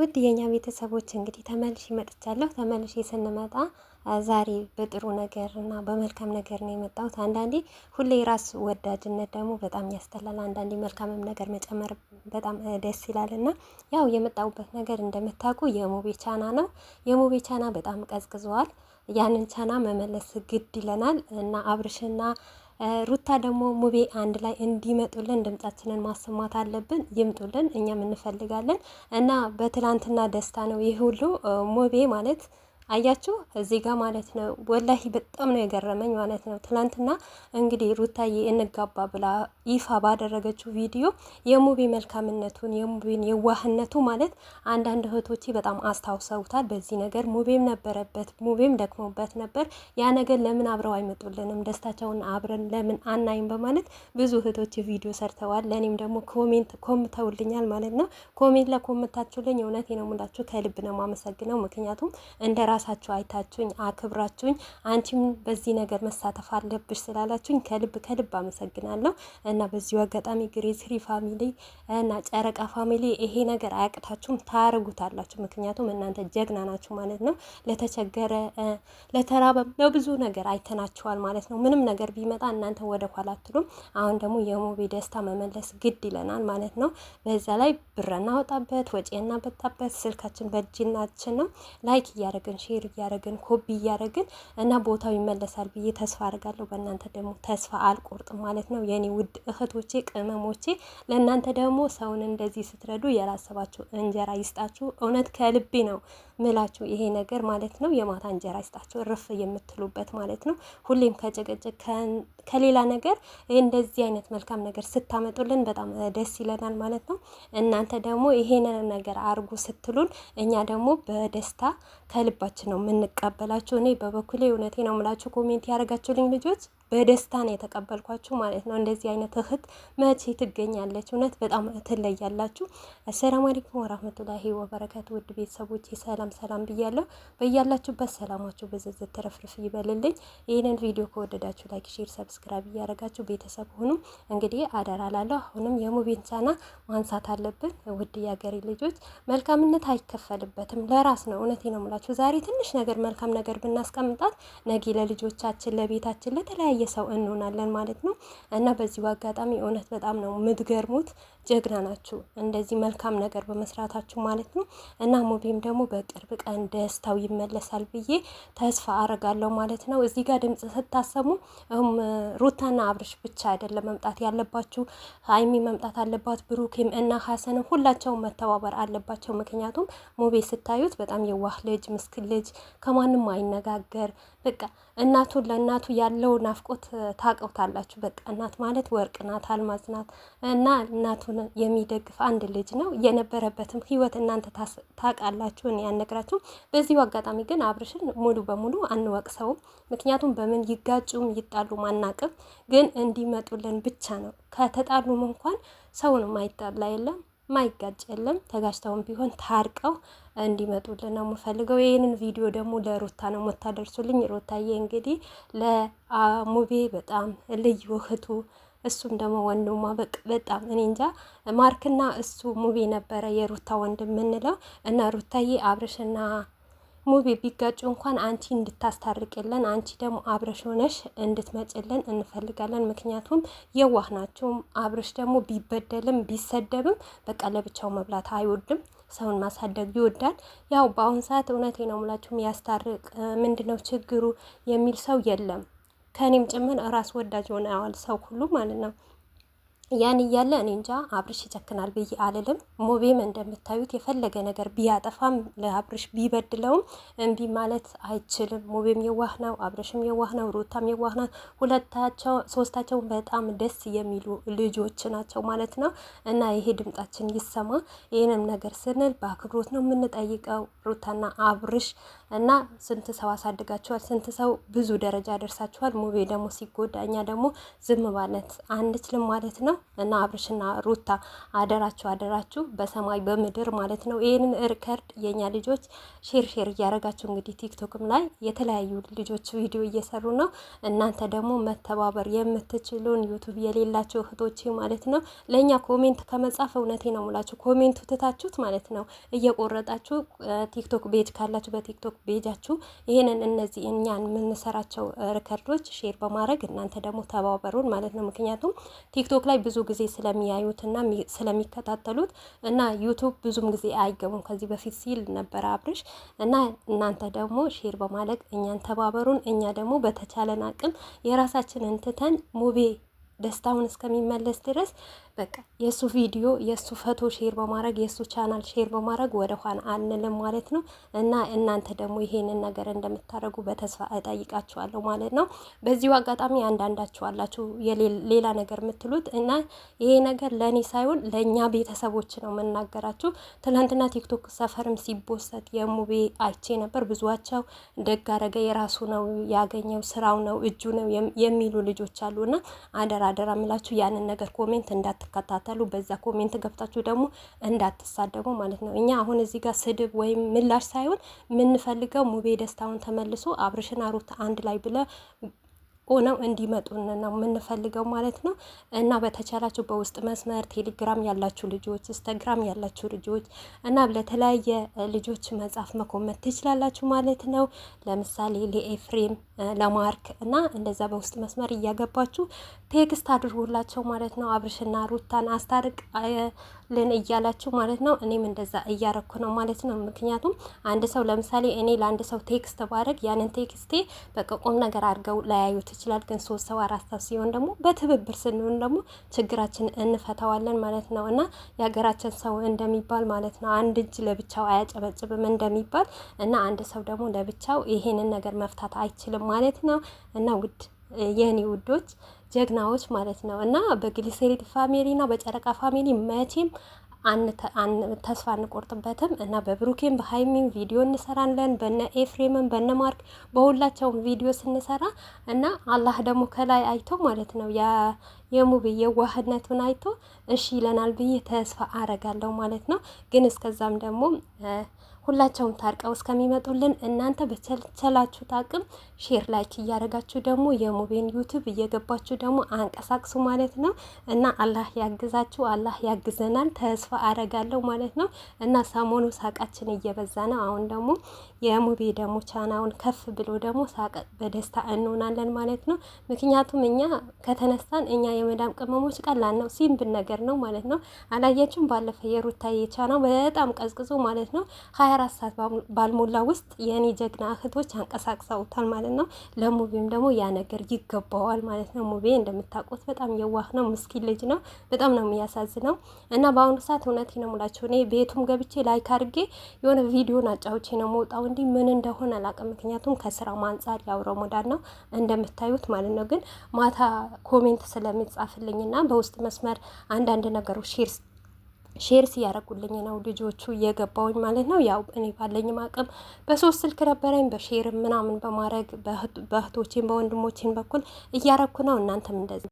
ውድ የኛ ቤተሰቦች እንግዲህ ተመልሼ መጥቻለሁ። ተመልሼ ስንመጣ ዛሬ በጥሩ ነገር እና በመልካም ነገር ነው የመጣሁት። አንዳንዴ ሁሌ ራስ ወዳጅነት ደግሞ በጣም ያስጠላል። አንዳንዴ መልካምም ነገር መጨመር በጣም ደስ ይላል እና ያው የመጣሁበት ነገር እንደምታውቁ የሙቤ ቻና ነው። የሙቤ ቻና በጣም ቀዝቅዘዋል። ያንን ቻና መመለስ ግድ ይለናል እና አብርሽና ሩታ ደግሞ ሙቤ አንድ ላይ እንዲመጡልን ድምጻችንን ማሰማት አለብን። ይምጡልን፣ እኛም እንፈልጋለን እና በትላንትና ደስታ ነው ይህ ሁሉ ሙቤ ማለት አያችሁ እዚህ ጋር ማለት ነው። ወላሂ በጣም ነው የገረመኝ ማለት ነው። ትናንትና እንግዲህ ሩታዬ እንጋባ ብላ ይፋ ባደረገችው ቪዲዮ የሙቤ መልካምነቱን የሙቤን የዋህነቱ ማለት አንዳንድ እህቶቼ በጣም አስታውሰውታል። በዚህ ነገር ሙቤም ነበረበት፣ ሙቤም ደክሞበት ነበር። ያ ነገር ለምን አብረው አይመጡልንም ደስታቸውን አብረን ለምን አናይም በማለት ብዙ እህቶች ቪዲዮ ሰርተዋል። ለእኔም ደግሞ ኮሜንት ኮምተውልኛል ማለት ነው። ኮሜንት ለኮምታችሁልኝ እውነት ነው ሙላችሁ ከልብ ነው ማመሰግነው ምክንያቱም እንደ ራሳችሁ አይታችሁኝ አክብራችሁኝ አንቺም በዚህ ነገር መሳተፍ አለብሽ ስላላችሁኝ ከልብ ከልብ አመሰግናለሁ እና በዚሁ አጋጣሚ ግሬስሪ ፋሚሊ እና ጨረቃ ፋሚሊ ይሄ ነገር አያቅታችሁም፣ ታረጉታላችሁ። ምክንያቱም እናንተ ጀግና ናችሁ ማለት ነው። ለተቸገረ ለተራበ ለብዙ ነገር አይተናችኋል ማለት ነው። ምንም ነገር ቢመጣ እናንተ ወደ ኋላ አትሉም። አሁን ደግሞ የሙቤ ደስታ መመለስ ግድ ይለናል ማለት ነው። በዛ ላይ ብር እናወጣበት፣ ወጪ እናበጣበት፣ ስልካችን በእጅናችን ነው። ላይክ እያደረግን ሼር እያደረግን ኮቢ እያደረግን እና ቦታው ይመለሳል ብዬ ተስፋ አድርጋለሁ። በእናንተ ደግሞ ተስፋ አልቆርጥም ማለት ነው የኔ ውድ እህቶቼ ቅመሞቼ። ለእናንተ ደግሞ ሰውን እንደዚህ ስትረዱ የራሰባችሁ እንጀራ ይስጣችሁ። እውነት ከልቤ ነው ምላችሁ ይሄ ነገር ማለት ነው። የማታ እንጀራ ይስጣችሁ፣ ርፍ የምትሉበት ማለት ነው። ሁሌም ከጭቅጭቅ ከሌላ ነገር እንደዚህ አይነት መልካም ነገር ስታመጡልን በጣም ደስ ይለናል ማለት ነው። እናንተ ደግሞ ይሄን ነገር አርጉ ስትሉን እኛ ደግሞ በደስታ ከልባችን ነው የምንቀበላችሁ። እኔ በበኩሌ እውነቴ ነው የምላችሁ፣ ኮሜንት ያደረጋችሁልኝ ልጆች በደስታ ነው የተቀበልኳችሁ ማለት ነው። እንደዚህ አይነት እህት መቼ ትገኛለች? እውነት በጣም ትለያላችሁ። አሰላሙ አለይኩም ወራህመቱላሂ ወበረካቱ። ውድ ቤተሰቦች ሰላም ሰላም ብያለሁ። በያላችሁበት ሰላማችሁ ብዝዝ ትረፍርፍ ይበልልኝ። ይህንን ቪዲዮ ከወደዳችሁ ላይክ፣ ሼር ሰብ ሰብስክራይብ እያደረጋችሁ ቤተሰብ ሆኑም እንግዲህ አደራ ላለሁ። አሁንም የሙቢን ቻና ማንሳት አለብን። ውድ የአገሬ ልጆች መልካምነት አይከፈልበትም፣ ለራስ ነው። እውነቴ ነው የምላችሁ። ዛሬ ትንሽ ነገር መልካም ነገር ብናስቀምጣት ነገ ለልጆቻችን፣ ለቤታችን፣ ለተለያየ ሰው እንሆናለን ማለት ነው እና በዚሁ አጋጣሚ እውነት በጣም ነው የምትገርሙት። ጀግና ናችሁ እንደዚህ መልካም ነገር በመስራታችሁ ማለት ነው እና ሙቢም ደግሞ በቅርብ ቀን ደስታው ይመለሳል ብዬ ተስፋ አረጋለሁ ማለት ነው። እዚህ ጋር ድምጽ ስታሰሙ ሩታና አብርሽ ብቻ አይደለም መምጣት ያለባችሁ፣ ሀይሚ መምጣት አለባት፣ ብሩክም እና ሀሰንም ሁላቸውም መተባበር አለባቸው። ምክንያቱም ሙቤ ስታዩት በጣም የዋህ ልጅ፣ ምስክ ልጅ፣ ከማንም አይነጋገር በቃ እናቱ ለእናቱ ያለው ናፍቆት ታቀውታላችሁ በቃ እናት ማለት ወርቅ ናት፣ አልማዝ ናት እና እናቱን የሚደግፍ አንድ ልጅ ነው። የነበረበትም ህይወት እናንተ ታውቃላችሁ፣ እኔ አልነግራችሁም። በዚሁ አጋጣሚ ግን አብርሽን ሙሉ በሙሉ አንወቅሰውም፣ ምክንያቱም በምን ይጋጩም ይጣሉ ማና አናቅም፣ ግን እንዲመጡልን ብቻ ነው። ከተጣሉም እንኳን ሰውን ማይጣላ የለም ማይጋጭ የለም። ተጋጭተውም ቢሆን ታርቀው እንዲመጡልን ነው የምፈልገው። ይህንን ቪዲዮ ደግሞ ለሮታ ነው የምታደርሱልኝ። ሮታዬ እንግዲህ ለሙቤ በጣም ልዩ እህቱ እሱም ደግሞ ወንድሟ በቅ በጣም እኔ እንጃ ማርክና እሱ ሙቤ ነበረ የሩታ ወንድም የምንለው እና ሩታዬ አብርሽና ሙቤ ቢጋጩ እንኳን አንቺ እንድታስታርቅልን አንቺ ደግሞ አብረሽ ሆነሽ እንድትመጭልን እንፈልጋለን። ምክንያቱም የዋህ ናቸው። አብረሽ ደግሞ ቢበደልም ቢሰደብም በቃ ለብቻው መብላት አይወድም፣ ሰውን ማሳደግ ይወዳል። ያው በአሁን ሰዓት እውነቴ ነው ሙላችሁም ያስታርቅ ነው ችግሩ የሚል ሰው የለም። ከእኔም ጭምር ራስ ወዳጅ ሆነዋል ሰው ሁሉ ማለት ነው። ያን እያለ እኔ እንጃ አብርሽ ይጨክናል ብዬ አልልም። ሞቤም እንደምታዩት የፈለገ ነገር ቢያጠፋም ለአብርሽ ቢበድለውም እምቢ ማለት አይችልም። ሞቤም የዋህ ነው፣ አብርሽም የዋህ ነው፣ ሩታም የዋህ ነው። ሁለታቸው ሶስታቸው በጣም ደስ የሚሉ ልጆች ናቸው ማለት ነው እና ይሄ ድምጣችን ይሰማ። ይህንም ነገር ስንል በአክብሮት ነው የምንጠይቀው። ሩታና አብርሽ እና ስንት ሰው አሳድጋችኋል፣ ስንት ሰው ብዙ ደረጃ ደርሳችኋል። ሞቤ ደግሞ ሲጎዳ እኛ ደግሞ ዝም ማለት አንችልም ማለት ነው። እና አብርሽና ሩታ አደራችሁ አደራችሁ በሰማይ በምድር ማለት ነው። ይህንን ሪከርድ የኛ ልጆች ሼር ሼር እያደረጋችሁ እንግዲህ ቲክቶክም ላይ የተለያዩ ልጆች ቪዲዮ እየሰሩ ነው። እናንተ ደግሞ መተባበር የምትችሉን ዩቱብ የሌላቸው እህቶች ማለት ነው ለእኛ ኮሜንት ከመጻፍ እውነቴ ነው ሙላችሁ ኮሜንቱ ትታችሁት ማለት ነው እየቆረጣችሁ ቲክቶክ ቤጅ ካላችሁ በቲክቶክ ቤጃችሁ ይህንን እነዚህ እኛን የምንሰራቸው ሪከርዶች ሼር በማድረግ እናንተ ደግሞ ተባበሩን ማለት ነው። ምክንያቱም ቲክቶክ ላይ ብዙ ጊዜ ስለሚያዩትና ስለሚከታተሉት እና ዩቱብ ብዙም ጊዜ አይገቡም ከዚህ በፊት ሲል ነበር አብርሽ እና እናንተ ደግሞ ሼር በማለት እኛን ተባበሩን። እኛ ደግሞ በተቻለን አቅም የራሳችንን ትተን ሙቤ ደስታውን እስከሚመለስ ድረስ በቃ የእሱ ቪዲዮ የእሱ ፈቶ ሼር በማድረግ የእሱ ቻናል ሼር በማድረግ ወደ ኋላ አንልም ማለት ነው። እና እናንተ ደግሞ ይሄንን ነገር እንደምታደርጉ በተስፋ እጠይቃችኋለሁ ማለት ነው። በዚሁ አጋጣሚ አንዳንዳችሁ አላችሁ ሌላ ነገር የምትሉት እና ይሄ ነገር ለእኔ ሳይሆን ለእኛ ቤተሰቦች ነው የምናገራችሁ። ትናንትና ቲክቶክ ሰፈርም ሲቦሰት የሙቤ አይቼ ነበር። ብዙቸው ደግ የራሱ ነው ያገኘው፣ ስራው ነው፣ እጁ ነው የሚሉ ልጆች አሉ እና አደራ አደራ የምላችሁ ያንን ነገር ኮሜንት እንዳ እንዳትከታተሉ፣ በዛ ኮሜንት ገብታችሁ ደግሞ እንዳትሳደቡ ማለት ነው። እኛ አሁን እዚህ ጋር ስድብ ወይም ምላሽ ሳይሆን የምንፈልገው ሙቤ ደስታውን ተመልሶ አብርሽና ሩት አንድ ላይ ብለ ሆነው እንዲመጡ ነው የምንፈልገው ማለት ነው። እና በተቻላችሁ በውስጥ መስመር ቴሌግራም ያላችሁ ልጆች፣ ኢንስታግራም ያላችሁ ልጆች እና ለተለያየ ልጆች መጻፍ መኮመት ትችላላችሁ ማለት ነው። ለምሳሌ ለኤፍሬም፣ ለማርክ እና እንደዛ በውስጥ መስመር እያገባችሁ ቴክስት አድርጉላቸው ማለት ነው። አብርሽና ሩታን አስታርቅ ልን እያላችሁ ማለት ነው። እኔም እንደዛ እያረኩ ነው ማለት ነው። ምክንያቱም አንድ ሰው ለምሳሌ እኔ ለአንድ ሰው ቴክስት ባረግ ያንን ቴክስቴ በቃ ቁም ነገር አድርገው ለያዩት ይችላል። ግን ሶስት ሰው አራት ሰው ሲሆን ደግሞ በትብብር ስንሆን ደግሞ ችግራችን እንፈተዋለን ማለት ነው እና የሀገራችን ሰው እንደሚባል ማለት ነው አንድ እጅ ለብቻው አያጨበጭብም እንደሚባል እና አንድ ሰው ደግሞ ለብቻው ይሄንን ነገር መፍታት አይችልም ማለት ነው እና ውድ የኔ ውዶች ጀግናዎች ማለት ነው እና በግሊሴሪድ ፋሚሊ እና በጨረቃ ፋሚሊ መቼም ተስፋ አንቆርጥበትም እና በብሩኬን በሀይሚን ቪዲዮ እንሰራለን። በነ ኤፍሬምን በነ ማርክ በሁላቸውም ቪዲዮ ስንሰራ እና አላህ ደግሞ ከላይ አይቶ ማለት ነው የሙብ የዋህነቱን አይቶ እሺ ይለናል ብዬ ተስፋ አረጋለሁ ማለት ነው። ግን እስከዛም ደግሞ ሁላቸውም ታርቀው እስከሚመጡልን እናንተ በተቻላችሁ አቅም ሼር ላይክ እያደረጋችሁ ደግሞ የሙቤን ዩቱብ እየገባችሁ ደግሞ አንቀሳቅሱ ማለት ነው እና አላህ ያግዛችሁ። አላህ ያግዘናል ተስፋ አረጋለሁ ማለት ነው እና ሰሞኑ ሳቃችን እየበዛ ነው። አሁን ደግሞ የሙቤ ደግሞ ቻናውን ከፍ ብሎ ደግሞ ሳቀ በደስታ እንሆናለን ማለት ነው። ምክንያቱም እኛ ከተነሳን እኛ የመዳም ቅመሞች ቀላል ነው ሲምብል ነገር ነው ማለት ነው። አላያችሁም? ባለፈ የሩታ የቻናው በጣም ቀዝቅዞ ማለት ነው አራት ሰዓት ባልሞላ ውስጥ የእኔ ጀግና እህቶች አንቀሳቅሰውታል ማለት ነው። ለሙቤም ደግሞ ያ ነገር ይገባዋል ማለት ነው። ሙቤ እንደምታውቁት በጣም የዋህ ነው፣ ምስኪን ልጅ ነው። በጣም ነው የሚያሳዝነው እና በአሁኑ ሰዓት እውነት ነው ሙላቸው እኔ ቤቱም ገብቼ ላይክ አድርጌ የሆነ ቪዲዮን አጫውቼ ነው መውጣው እንዲ ምን እንደሆነ አላውቅም። ምክንያቱም ከስራ ማንጻር ያው ረመዳን ነው እንደምታዩት ማለት ነው። ግን ማታ ኮሜንት ስለሚጻፍልኝ በውስጥ መስመር አንዳንድ ነገሮች ሼር ሼር ሲያደረጉልኝ ነው ልጆቹ እየገባውኝ ማለት ነው። ያው እኔ ባለኝም አቅም በሶስት ስልክ ነበረኝ በሼር ምናምን በማድረግ በእህቶቼን በወንድሞቼን በኩል እያረኩ ነው። እናንተም እንደዚህ